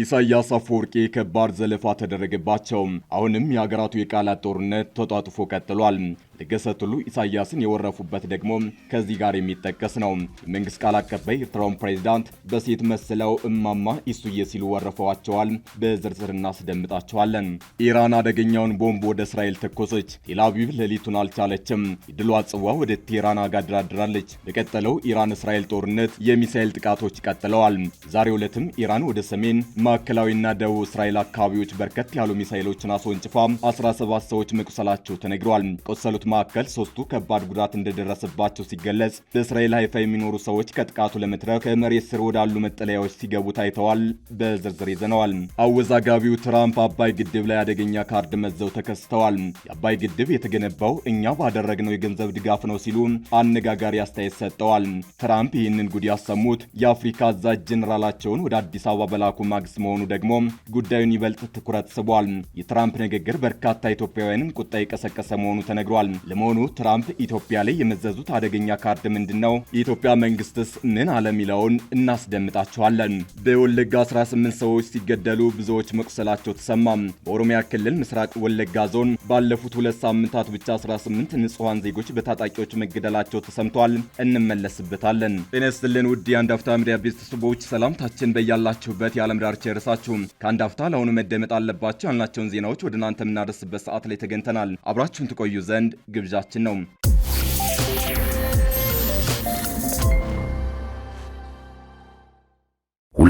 ኢሳያስ አፈወርቂ ከባድ ዘለፋ ተደረገባቸው። አሁንም የሀገራቱ የቃላት ጦርነት ተጧጥፎ ቀጥሏል። ልገሰቱሉ ኢሳያስን የወረፉበት ደግሞ ከዚህ ጋር የሚጠቀስ ነው። የመንግስት ቃል አቀባይ ኤርትራውን ፕሬዚዳንት በሴት መስለው እማማ ኢሱዬ ሲሉ ወረፈዋቸዋል። በዝርዝር እናስደምጣቸዋለን። ኢራን አደገኛውን ቦምብ ወደ እስራኤል ተኮሰች። ቴላቪቭ ሌሊቱን አልቻለችም። የድሏ ጽዋ ወደ ቴህራን አጋድራድራለች። በቀጠለው ኢራን እስራኤል ጦርነት የሚሳኤል ጥቃቶች ቀጥለዋል። ዛሬ ዕለትም ኢራን ወደ ሰሜን ማዕከላዊና ደቡብ እስራኤል አካባቢዎች በርከት ያሉ ሚሳኤሎችን አስወንጭፋ 17 ሰዎች መቁሰላቸው ተነግሯል። ቆሰሉት መካከል ሶስቱ ከባድ ጉዳት እንደደረሰባቸው ሲገለጽ፣ በእስራኤል ሀይፋ የሚኖሩ ሰዎች ከጥቃቱ ለመትረፍ ከመሬት ስር ወዳሉ መጠለያዎች ሲገቡ ታይተዋል። በዝርዝር ይዘነዋል። አወዛጋቢው ትራምፕ አባይ ግድብ ላይ አደገኛ ካርድ መዘው ተከስተዋል። የአባይ ግድብ የተገነባው እኛ ባደረግነው የገንዘብ ድጋፍ ነው ሲሉ አነጋጋሪ አስተያየት ሰጥተዋል። ትራምፕ ይህንን ጉድ ያሰሙት የአፍሪካ አዛዥ ጀኔራላቸውን ወደ አዲስ አበባ በላኩ ማግስት መሆኑ ደግሞ ጉዳዩን ይበልጥ ትኩረት ስቧል። የትራምፕ ንግግር በርካታ ኢትዮጵያውያንን ቁጣ የቀሰቀሰ መሆኑ ተነግሯል። ለመሆኑ ትራምፕ ኢትዮጵያ ላይ የመዘዙት አደገኛ ካርድ ምንድን ነው? የኢትዮጵያ መንግስትስ ምን አለ የሚለውን እናስደምጣቸዋለን። በወለጋ 18 ሰዎች ሲገደሉ ብዙዎች መቁሰላቸው ተሰማም። በኦሮሚያ ክልል ምስራቅ ወለጋ ዞን ባለፉት ሁለት ሳምንታት ብቻ 18 ንጹሐን ዜጎች በታጣቂዎች መገደላቸው ተሰምቷል። እንመለስበታለን። ጤና ይስጥልን ውድ የአንድ አፍታ ሚዲያ ቤተሰቦች ሰላምታችን በያላችሁበት የዓለም ዳርቻ ይድረሳችሁ። ከአንድ አፍታ ለአሁኑ መደመጥ አለባቸው ያልናቸውን ዜናዎች ወደ እናንተ የምናደርስበት ሰዓት ላይ ተገኝተናል። አብራችሁን ትቆዩ ዘንድ ግብዣችን ነው።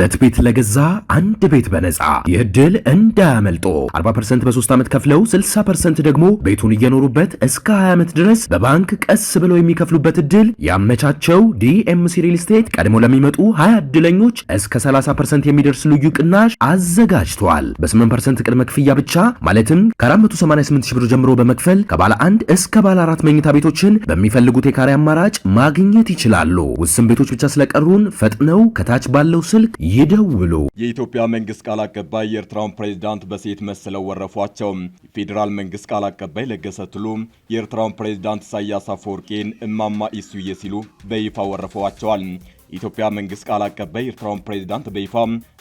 ሁለት ቤት ለገዛ አንድ ቤት በነፃ ይህ ዕድል እንዳያመልጦ 40% በ3 ዓመት ከፍለው 60% ደግሞ ቤቱን እየኖሩበት እስከ 20 ዓመት ድረስ በባንክ ቀስ ብለው የሚከፍሉበት እድል ያመቻቸው ዲኤምሲ ሪል ስቴት ቀድሞ ለሚመጡ 20 እድለኞች እስከ 30% የሚደርስ ልዩ ቅናሽ አዘጋጅቷል። በ8% ቅድመ ክፍያ ብቻ ማለትም ከ488 ሺህ ብር ጀምሮ በመክፈል ከባለ አንድ እስከ ባለ አራት መኝታ ቤቶችን በሚፈልጉት የካሬ አማራጭ ማግኘት ይችላሉ። ውስን ቤቶች ብቻ ስለቀሩን ፈጥነው ከታች ባለው ስልክ ይደውሉ። የኢትዮጵያ መንግስት ቃል አቀባይ የኤርትራውን ፕሬዚዳንት በሴት መስለው ወረፏቸው። የፌዴራል መንግስት ቃል አቀባይ ለገሰ ቱሉ የኤርትራውን ፕሬዚዳንት ኢሳያስ አፈወርቄን እማማ ኢሱዬ ሲሉ በይፋ ወረፈዋቸዋል። የኢትዮጵያ መንግስት ቃል አቀባይ ኤርትራውን ፕሬዚዳንት በይፋ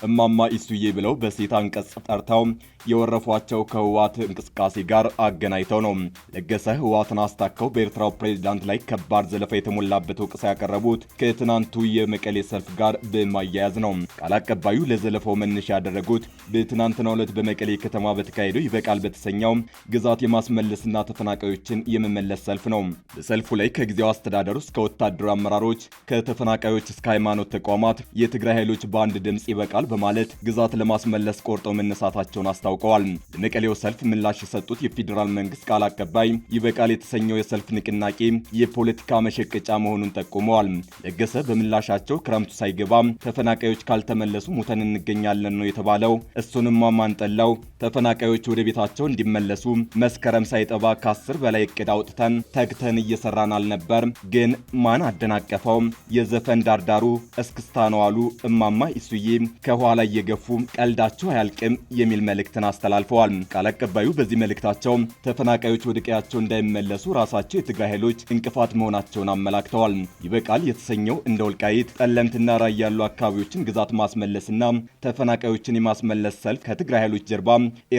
እማማ ኢሱዬ ብለው በሴት አንቀጽ ጠርተው የወረፏቸው ከህዋት እንቅስቃሴ ጋር አገናኝተው ነው። ለገሰ ህዋትን አስታከው በኤርትራው ፕሬዚዳንት ላይ ከባድ ዘለፋ የተሞላበት ወቀሳ ያቀረቡት ከትናንቱ የመቀሌ ሰልፍ ጋር በማያያዝ ነው። ቃል አቀባዩ ለዘለፋው መነሻ ያደረጉት በትናንትናው ዕለት በመቀሌ ከተማ በተካሄደው ይበቃል በተሰኘው ግዛት የማስመለስና ተፈናቃዮችን የመመለስ ሰልፍ ነው። በሰልፉ ላይ ከጊዜው አስተዳደር ውስጥ ከወታደሩ አመራሮች ከተፈናቃዮች መንግስት ከሃይማኖት ተቋማት የትግራይ ኃይሎች በአንድ ድምፅ ይበቃል በማለት ግዛት ለማስመለስ ቆርጠው መነሳታቸውን አስታውቀዋል። ለመቀሌው ሰልፍ ምላሽ የሰጡት የፌዴራል መንግስት ቃል አቀባይ ይበቃል የተሰኘው የሰልፍ ንቅናቄ የፖለቲካ መሸቀጫ መሆኑን ጠቁመዋል። ለገሰ በምላሻቸው ክረምቱ ሳይገባ ተፈናቃዮች ካልተመለሱ ሙተን እንገኛለን ነው የተባለው። እሱንማ ማንጠላው ተፈናቃዮች ወደ ቤታቸው እንዲመለሱ መስከረም ሳይጠባ ከአስር በላይ እቅድ አውጥተን ተግተን እየሰራን አልነበር? ግን ማን አደናቀፈው? የዘፈን ዳር ዳሩ እስክስታ ነው አሉ እማማ ኢሱዬ ከኋላ እየገፉ ቀልዳችሁ አያልቅም የሚል መልእክትን አስተላልፈዋል። ቃል አቀባዩ በዚህ መልእክታቸው ተፈናቃዮች ወደ ቀያቸው እንዳይመለሱ ራሳቸው የትግራይ ኃይሎች እንቅፋት መሆናቸውን አመላክተዋል። ይበቃል የተሰኘው እንደ ወልቃይት ጠለምትና ራያ ያሉ አካባቢዎችን ግዛት ማስመለስና ተፈናቃዮችን የማስመለስ ሰልፍ ከትግራይ ኃይሎች ጀርባ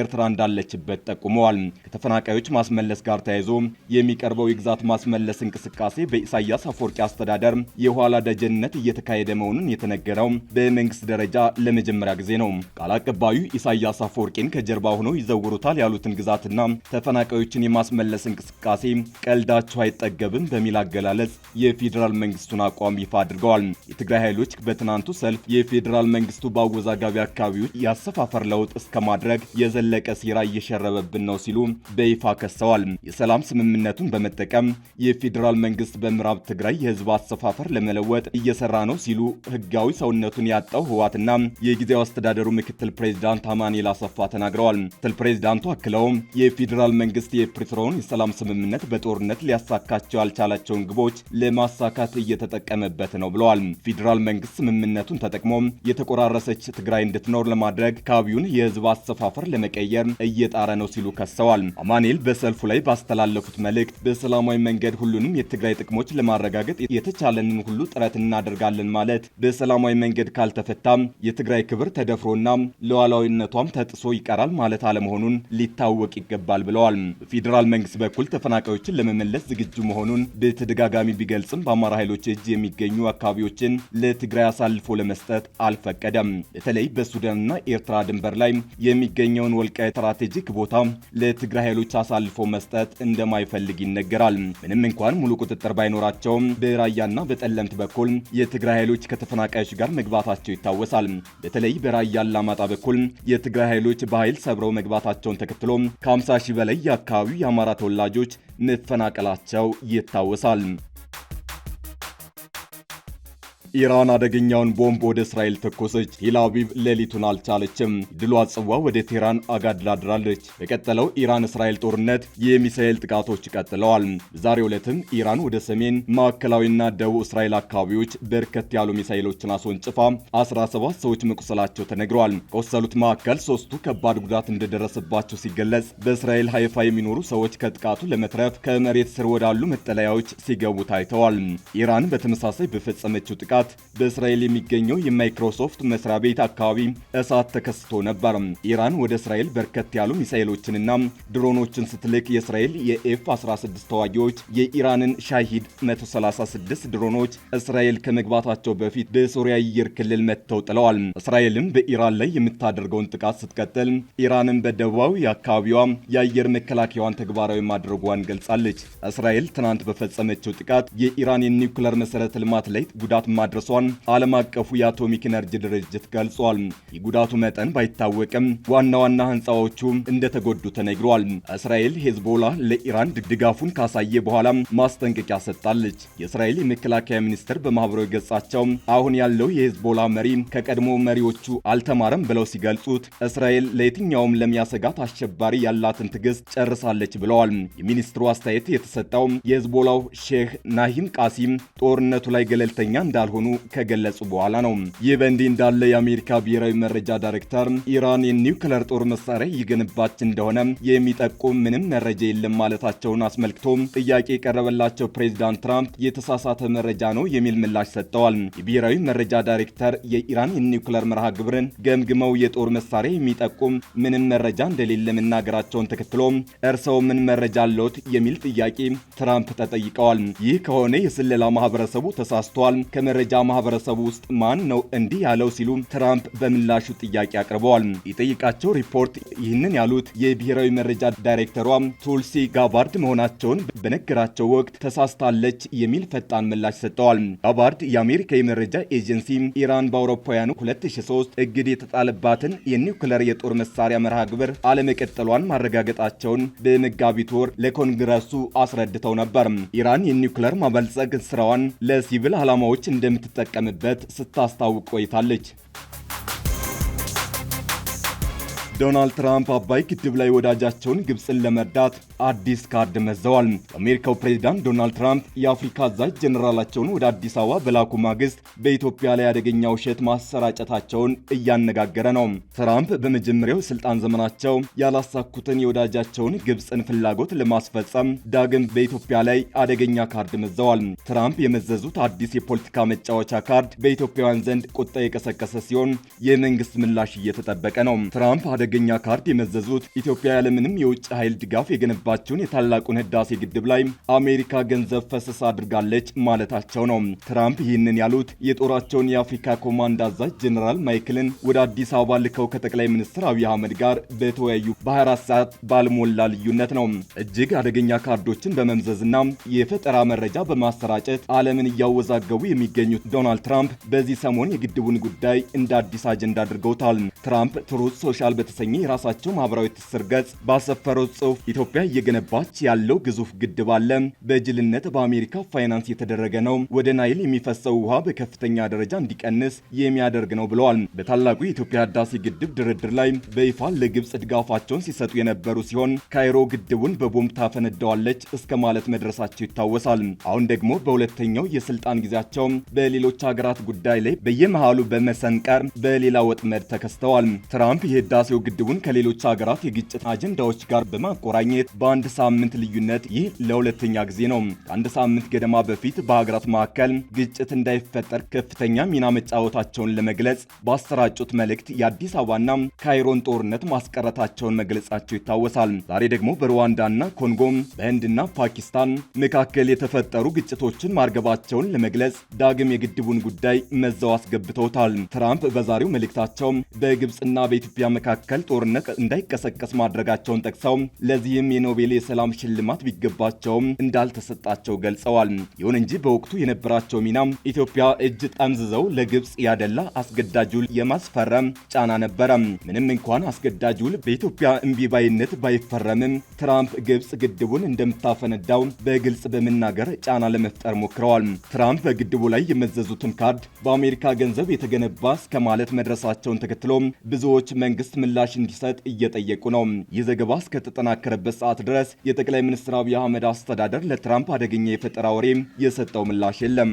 ኤርትራ እንዳለችበት ጠቁመዋል። ከተፈናቃዮች ማስመለስ ጋር ተያይዞ የሚቀርበው የግዛት ማስመለስ እንቅስቃሴ በኢሳያስ አፈወርቂ አስተዳደር የኋላ ደጀንነት እየተካሄደ መሆኑን የተነገረው በመንግስት ደረጃ ለመጀመሪያ ጊዜ ነው። ቃል አቀባዩ ኢሳያስ አፈወርቄን ከጀርባ ሆነው ይዘውሩታል ያሉትን ግዛትና ተፈናቃዮችን የማስመለስ እንቅስቃሴ ቀልዳቸው አይጠገብም በሚል አገላለጽ የፌዴራል መንግስቱን አቋም ይፋ አድርገዋል። የትግራይ ኃይሎች በትናንቱ ሰልፍ የፌዴራል መንግስቱ በአወዛጋቢ አካባቢዎች የአሰፋፈር ለውጥ እስከ ማድረግ የዘለቀ ሴራ እየሸረበብን ነው ሲሉ በይፋ ከሰዋል። የሰላም ስምምነቱን በመጠቀም የፌዴራል መንግስት በምዕራብ ትግራይ የህዝብ አሰፋፈር ለመለወጥ እየ እየሰራ ነው ሲሉ ህጋዊ ሰውነቱን ያጣው ህወሓትና የጊዜያዊ አስተዳደሩ ምክትል ፕሬዚዳንት አማኑኤል አሰፋ ተናግረዋል። ምክትል ፕሬዚዳንቱ አክለው የፌዴራል መንግስት የፕሪቶሪያውን የሰላም ስምምነት በጦርነት ሊያሳካቸው ያልቻላቸውን ግቦች ለማሳካት እየተጠቀመበት ነው ብለዋል። ፌዴራል መንግስት ስምምነቱን ተጠቅሞ የተቆራረሰች ትግራይ እንድትኖር ለማድረግ ካቢዩን የህዝብ አሰፋፈር ለመቀየር እየጣረ ነው ሲሉ ከሰዋል። አማኑኤል በሰልፉ ላይ ባስተላለፉት መልእክት በሰላማዊ መንገድ ሁሉንም የትግራይ ጥቅሞች ለማረጋገጥ የተቻለንን ሁሉ ጥረት እናደ እናደርጋለን ማለት በሰላማዊ መንገድ ካልተፈታም የትግራይ ክብር ተደፍሮና ሉዓላዊነቷም ተጥሶ ይቀራል ማለት አለመሆኑን ሊታወቅ ይገባል ብለዋል። በፌዴራል መንግስት በኩል ተፈናቃዮችን ለመመለስ ዝግጁ መሆኑን በተደጋጋሚ ቢገልጽም በአማራ ኃይሎች እጅ የሚገኙ አካባቢዎችን ለትግራይ አሳልፎ ለመስጠት አልፈቀደም። በተለይ በሱዳንና ኤርትራ ድንበር ላይ የሚገኘውን ወልቃይት ስትራቴጂክ ቦታ ለትግራይ ኃይሎች አሳልፎ መስጠት እንደማይፈልግ ይነገራል። ምንም እንኳን ሙሉ ቁጥጥር ባይኖራቸውም በራያና በጠለምት በኩል የትግራይ ኃይሎች ከተፈናቃዮች ጋር መግባታቸው ይታወሳል። በተለይ በራያ አላማጣ በኩል የትግራይ ኃይሎች በኃይል ሰብረው መግባታቸውን ተከትሎ ከ50 ሺህ በላይ የአካባቢው የአማራ ተወላጆች መፈናቀላቸው ይታወሳል። ኢራን አደገኛውን ቦምብ ወደ እስራኤል ተኮሰች። ቴልአቪቭ ሌሊቱን አልቻለችም። ድሏ ጽዋ ወደ ቴህራን አጋድላድራለች። በቀጠለው ኢራን እስራኤል ጦርነት የሚሳኤል ጥቃቶች ቀጥለዋል። ዛሬ ዕለትም ኢራን ወደ ሰሜን ማዕከላዊና ደቡብ እስራኤል አካባቢዎች በርከት ያሉ ሚሳኤሎችን አስወንጭፋ 17 ሰዎች መቁሰላቸው ተነግረዋል። ከቆሰሉት መካከል ሶስቱ ከባድ ጉዳት እንደደረሰባቸው ሲገለጽ፣ በእስራኤል ሀይፋ የሚኖሩ ሰዎች ከጥቃቱ ለመትረፍ ከመሬት ስር ወዳሉ መጠለያዎች ሲገቡ ታይተዋል። ኢራን በተመሳሳይ በፈጸመችው ጥቃት ሰዓት በእስራኤል የሚገኘው የማይክሮሶፍት መስሪያ ቤት አካባቢ እሳት ተከስቶ ነበር። ኢራን ወደ እስራኤል በርከት ያሉ ሚሳኤሎችንና ድሮኖችን ስትልክ የእስራኤል የኤፍ 16 ተዋጊዎች የኢራንን ሻሂድ 136 ድሮኖች እስራኤል ከመግባታቸው በፊት በሶሪያ አየር ክልል መጥተው ጥለዋል። እስራኤልም በኢራን ላይ የምታደርገውን ጥቃት ስትቀጥል ኢራንን በደቡባዊ አካባቢዋ የአየር መከላከያዋን ተግባራዊ ማድረጓን ገልጻለች። እስራኤል ትናንት በፈጸመችው ጥቃት የኢራን የኒውክለር መሠረተ ልማት ላይ ጉዳት ማድረ ማድረሷን ዓለም አቀፉ የአቶሚክ ኤነርጂ ድርጅት ገልጿል። የጉዳቱ መጠን ባይታወቅም ዋና ዋና ህንፃዎቹ እንደተጎዱ ተነግሯል። እስራኤል ሄዝቦላ ለኢራን ድጋፉን ካሳየ በኋላ ማስጠንቀቂያ ሰጥታለች። የእስራኤል የመከላከያ ሚኒስትር በማህበራዊ ገጻቸው አሁን ያለው የሄዝቦላ መሪ ከቀድሞ መሪዎቹ አልተማረም ብለው ሲገልጹት እስራኤል ለየትኛውም ለሚያሰጋት አሸባሪ ያላትን ትዕግስት ጨርሳለች ብለዋል። የሚኒስትሩ አስተያየት የተሰጠው የሄዝቦላው ሼህ ናሂም ቃሲም ጦርነቱ ላይ ገለልተኛ እንዳልሆነ እንደሆኑ ከገለጹ በኋላ ነው። ይህ በእንዲህ እንዳለ የአሜሪካ ብሔራዊ መረጃ ዳይሬክተር ኢራን የኒውክለር ጦር መሳሪያ እየገነባች እንደሆነ የሚጠቁም ምንም መረጃ የለም ማለታቸውን አስመልክቶ ጥያቄ የቀረበላቸው ፕሬዚዳንት ትራምፕ የተሳሳተ መረጃ ነው የሚል ምላሽ ሰጥተዋል። የብሔራዊ መረጃ ዳይሬክተር የኢራን የኒውክለር መርሃ ግብርን ገምግመው የጦር መሳሪያ የሚጠቁም ምንም መረጃ እንደሌለ መናገራቸውን ተከትሎ እርሰው ምን መረጃ አለዎት የሚል ጥያቄ ትራምፕ ተጠይቀዋል። ይህ ከሆነ የስለላ ማህበረሰቡ ተሳስቷል፣ ከመረጃ መረጃ ማህበረሰቡ ውስጥ ማን ነው እንዲህ ያለው ሲሉ ትራምፕ በምላሹ ጥያቄ አቅርበዋል። የጠይቃቸው ሪፖርት ይህንን ያሉት የብሔራዊ መረጃ ዳይሬክተሯ ቱልሲ ጋባርድ መሆናቸውን በነገራቸው ወቅት ተሳስታለች የሚል ፈጣን ምላሽ ሰጥተዋል። ጋባርድ የአሜሪካ የመረጃ ኤጀንሲ ኢራን በአውሮፓውያኑ 2003 እግድ የተጣለባትን የኒውክለር የጦር መሳሪያ መርሃ ግብር አለመቀጠሏን ማረጋገጣቸውን በመጋቢት ወር ለኮንግረሱ አስረድተው ነበር። ኢራን የኒውክለር ማበልጸግ ስራዋን ለሲቪል ዓላማዎች እንደም እንደምትጠቀምበት ስታስታውቅ ቆይታለች። ዶናልድ ትራምፕ አባይ ግድብ ላይ ወዳጃቸውን ግብፅን ለመርዳት አዲስ ካርድ መዘዋል። የአሜሪካው ፕሬዚዳንት ዶናልድ ትራምፕ የአፍሪካ አዛዥ ጀኔራላቸውን ወደ አዲስ አበባ በላኩ ማግስት በኢትዮጵያ ላይ አደገኛ ውሸት ማሰራጨታቸውን እያነጋገረ ነው። ትራምፕ በመጀመሪያው ስልጣን ዘመናቸው ያላሳኩትን የወዳጃቸውን ግብፅን ፍላጎት ለማስፈጸም ዳግም በኢትዮጵያ ላይ አደገኛ ካርድ መዘዋል። ትራምፕ የመዘዙት አዲስ የፖለቲካ መጫወቻ ካርድ በኢትዮጵያውያን ዘንድ ቁጣ የቀሰቀሰ ሲሆን የመንግስት ምላሽ እየተጠበቀ ነው። ትራምፕ መገኛ ካርድ የመዘዙት ኢትዮጵያ ያለምንም የውጭ ኃይል ድጋፍ የገነባቸውን የታላቁን ህዳሴ ግድብ ላይ አሜሪካ ገንዘብ ፈሰስ አድርጋለች ማለታቸው ነው። ትራምፕ ይህንን ያሉት የጦራቸውን የአፍሪካ ኮማንድ አዛዥ ጀኔራል ማይክልን ወደ አዲስ አበባ ልከው ከጠቅላይ ሚኒስትር አብይ አህመድ ጋር በተወያዩ በ24 ሰዓት ባልሞላ ልዩነት ነው። እጅግ አደገኛ ካርዶችን በመምዘዝና የፈጠራ መረጃ በማሰራጨት ዓለምን እያወዛገቡ የሚገኙት ዶናልድ ትራምፕ በዚህ ሰሞን የግድቡን ጉዳይ እንደ አዲስ አጀንዳ አድርገውታል። ትራምፕ ትሩዝ ሶሻል በተሰ በተሰኘ የራሳቸው ማህበራዊ ትስስር ገጽ ባሰፈረው ጽሑፍ ኢትዮጵያ እየገነባች ያለው ግዙፍ ግድብ አለ፣ በጅልነት በአሜሪካ ፋይናንስ የተደረገ ነው፣ ወደ ናይል የሚፈሰው ውሃ በከፍተኛ ደረጃ እንዲቀንስ የሚያደርግ ነው ብለዋል። በታላቁ የኢትዮጵያ ህዳሴ ግድብ ድርድር ላይ በይፋ ለግብፅ ድጋፋቸውን ሲሰጡ የነበሩ ሲሆን ካይሮ ግድቡን በቦምብ ታፈነዳዋለች እስከ ማለት መድረሳቸው ይታወሳል። አሁን ደግሞ በሁለተኛው የስልጣን ጊዜያቸው በሌሎች ሀገራት ጉዳይ ላይ በየመሃሉ በመሰንቀር በሌላ ወጥመድ ተከስተዋል። ትራምፕ የህዳሴው ግድቡን ከሌሎች ሀገራት የግጭት አጀንዳዎች ጋር በማቆራኘት በአንድ ሳምንት ልዩነት ይህ ለሁለተኛ ጊዜ ነው። ከአንድ ሳምንት ገደማ በፊት በሀገራት መካከል ግጭት እንዳይፈጠር ከፍተኛ ሚና መጫወታቸውን ለመግለጽ ባሰራጩት መልእክት የአዲስ አበባና ካይሮን ጦርነት ማስቀረታቸውን መግለጻቸው ይታወሳል። ዛሬ ደግሞ በሩዋንዳና ኮንጎ፣ በህንድና ፓኪስታን መካከል የተፈጠሩ ግጭቶችን ማርገባቸውን ለመግለጽ ዳግም የግድቡን ጉዳይ መዘው አስገብተውታል። ትራምፕ በዛሬው መልእክታቸው በግብፅና በኢትዮጵያ መካከል መካከል ጦርነት እንዳይቀሰቀስ ማድረጋቸውን ጠቅሰው ለዚህም የኖቤል የሰላም ሽልማት ቢገባቸውም እንዳልተሰጣቸው ገልጸዋል። ይሁን እንጂ በወቅቱ የነበራቸው ሚና ኢትዮጵያ እጅ ጠምዝዘው ለግብፅ ያደላ አስገዳጅ ውል የማስፈረም ጫና ነበረ። ምንም እንኳን አስገዳጅ ውል በኢትዮጵያ እምቢባይነት ባይፈረምም ትራምፕ ግብፅ ግድቡን እንደምታፈነዳው በግልጽ በመናገር ጫና ለመፍጠር ሞክረዋል። ትራምፕ በግድቡ ላይ የመዘዙትን ካርድ በአሜሪካ ገንዘብ የተገነባ እስከ ማለት መድረሳቸውን ተከትሎ ብዙዎች መንግስት ምላ ምላሽ እንዲሰጥ እየጠየቁ ነው። ይህ ዘገባ እስከተጠናከረበት ሰዓት ድረስ የጠቅላይ ሚኒስትር አብይ አህመድ አስተዳደር ለትራምፕ አደገኛ የፈጠራ ወሬ የሰጠው ምላሽ የለም።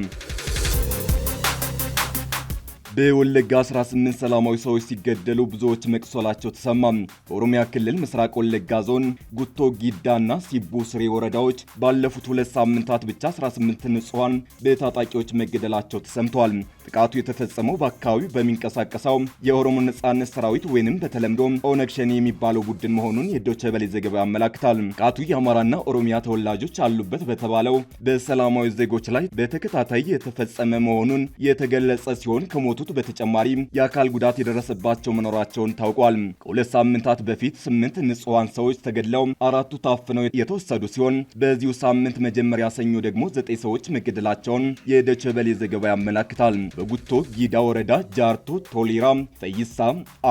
በወለጋ 18 ሰላማዊ ሰዎች ሲገደሉ ብዙዎች መቅሶላቸው ተሰማ። በኦሮሚያ ክልል ምስራቅ ወለጋ ዞን ጉቶ ጊዳና ሲቡ ስሬ ወረዳዎች ባለፉት ሁለት ሳምንታት ብቻ 18 ንጹሐን በታጣቂዎች መገደላቸው ተሰምተዋል። ጥቃቱ የተፈጸመው በአካባቢው በሚንቀሳቀሰው የኦሮሞ ነጻነት ሰራዊት ወይንም በተለምዶ ኦነግ ሸኔ የሚባለው ቡድን መሆኑን የዶቼ ቬለ ዘገባ ያመላክታል። ጥቃቱ የአማራና ኦሮሚያ ተወላጆች አሉበት በተባለው በሰላማዊ ዜጎች ላይ በተከታታይ የተፈጸመ መሆኑን የተገለጸ ሲሆን ከሞቱ ከሞቱት በተጨማሪ የአካል ጉዳት የደረሰባቸው መኖራቸውን ታውቋል። ከሁለት ሳምንታት በፊት ስምንት ንጹሐን ሰዎች ተገድለው አራቱ ታፍነው የተወሰዱ ሲሆን በዚሁ ሳምንት መጀመሪያ ሰኞ ደግሞ ዘጠኝ ሰዎች መገደላቸውን የደቸበሌ ዘገባ ያመላክታል። በጉቶ ጊዳ ወረዳ ጃርቶ፣ ቶሊራ፣ ፈይሳ፣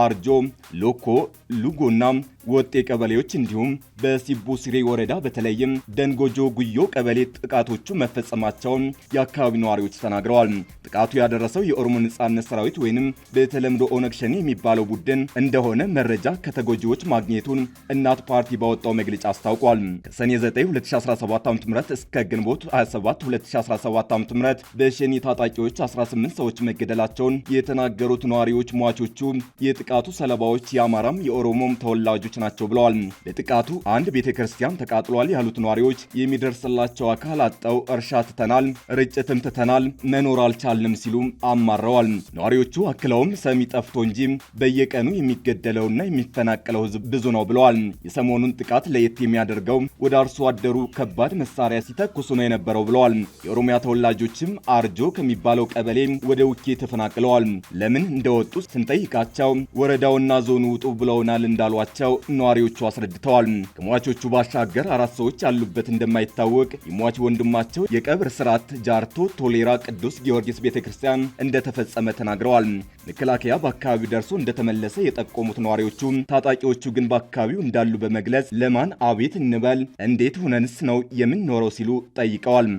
አርጆ፣ ሎኮ፣ ሉጎና ወጤ ቀበሌዎች እንዲሁም በሲቦ ሲሬ ወረዳ በተለይም ደንጎጆ ጉዮ ቀበሌ ጥቃቶቹ መፈጸማቸውን የአካባቢ ነዋሪዎች ተናግረዋል። ጥቃቱ ያደረሰው የኦሮሞ ነጻነት ሰራዊት ወይንም በተለምዶ ኦነግ ሸኔ የሚባለው ቡድን እንደሆነ መረጃ ከተጎጂዎች ማግኘቱን እናት ፓርቲ ባወጣው መግለጫ አስታውቋል። ከሰኔ 9 2017 ም እስከ ግንቦት 27 2017 ዓ.ም በሸኔ ታጣቂዎች 18 ሰዎች መገደላቸውን የተናገሩት ነዋሪዎች ሟቾቹ የጥቃቱ ሰለባዎች የአማራም የኦሮሞም ተወላጆች ናቸው ብለዋል። ለጥቃቱ አንድ ቤተ ክርስቲያን ተቃጥሏል ያሉት ነዋሪዎች የሚደርስላቸው አካል አጣው እርሻ ትተናል፣ ርጭትም ትተናል፣ መኖር አልቻልንም ሲሉ አማረዋል። ነዋሪዎቹ አክለውም ሰሚ ጠፍቶ እንጂ በየቀኑ የሚገደለውና የሚፈናቀለው ህዝብ ብዙ ነው ብለዋል። የሰሞኑን ጥቃት ለየት የሚያደርገው ወደ አርሶ አደሩ ከባድ መሳሪያ ሲተኩሱ ነው የነበረው ብለዋል። የኦሮሚያ ተወላጆችም አርጆ ከሚባለው ቀበሌ ወደ ውኬ ተፈናቅለዋል። ለምን እንደወጡ ስንጠይቃቸው ወረዳውና ዞኑ ውጡ ብለውናል እንዳሏቸው ነዋሪዎቹ አስረድተዋል። ከሟቾቹ ባሻገር አራት ሰዎች ያሉበት እንደማይታወቅ የሟች ወንድማቸው የቀብር ስርዓት ጃርቶ ቶሌራ ቅዱስ ጊዮርጊስ ቤተ ክርስቲያን እንደተፈጸመ ተናግረዋል። መከላከያ በአካባቢው ደርሶ እንደተመለሰ የጠቆሙት ነዋሪዎቹ ታጣቂዎቹ ግን በአካባቢው እንዳሉ በመግለጽ ለማን አቤት እንበል? እንዴት ሁነንስ ነው የምንኖረው? ሲሉ ጠይቀዋል።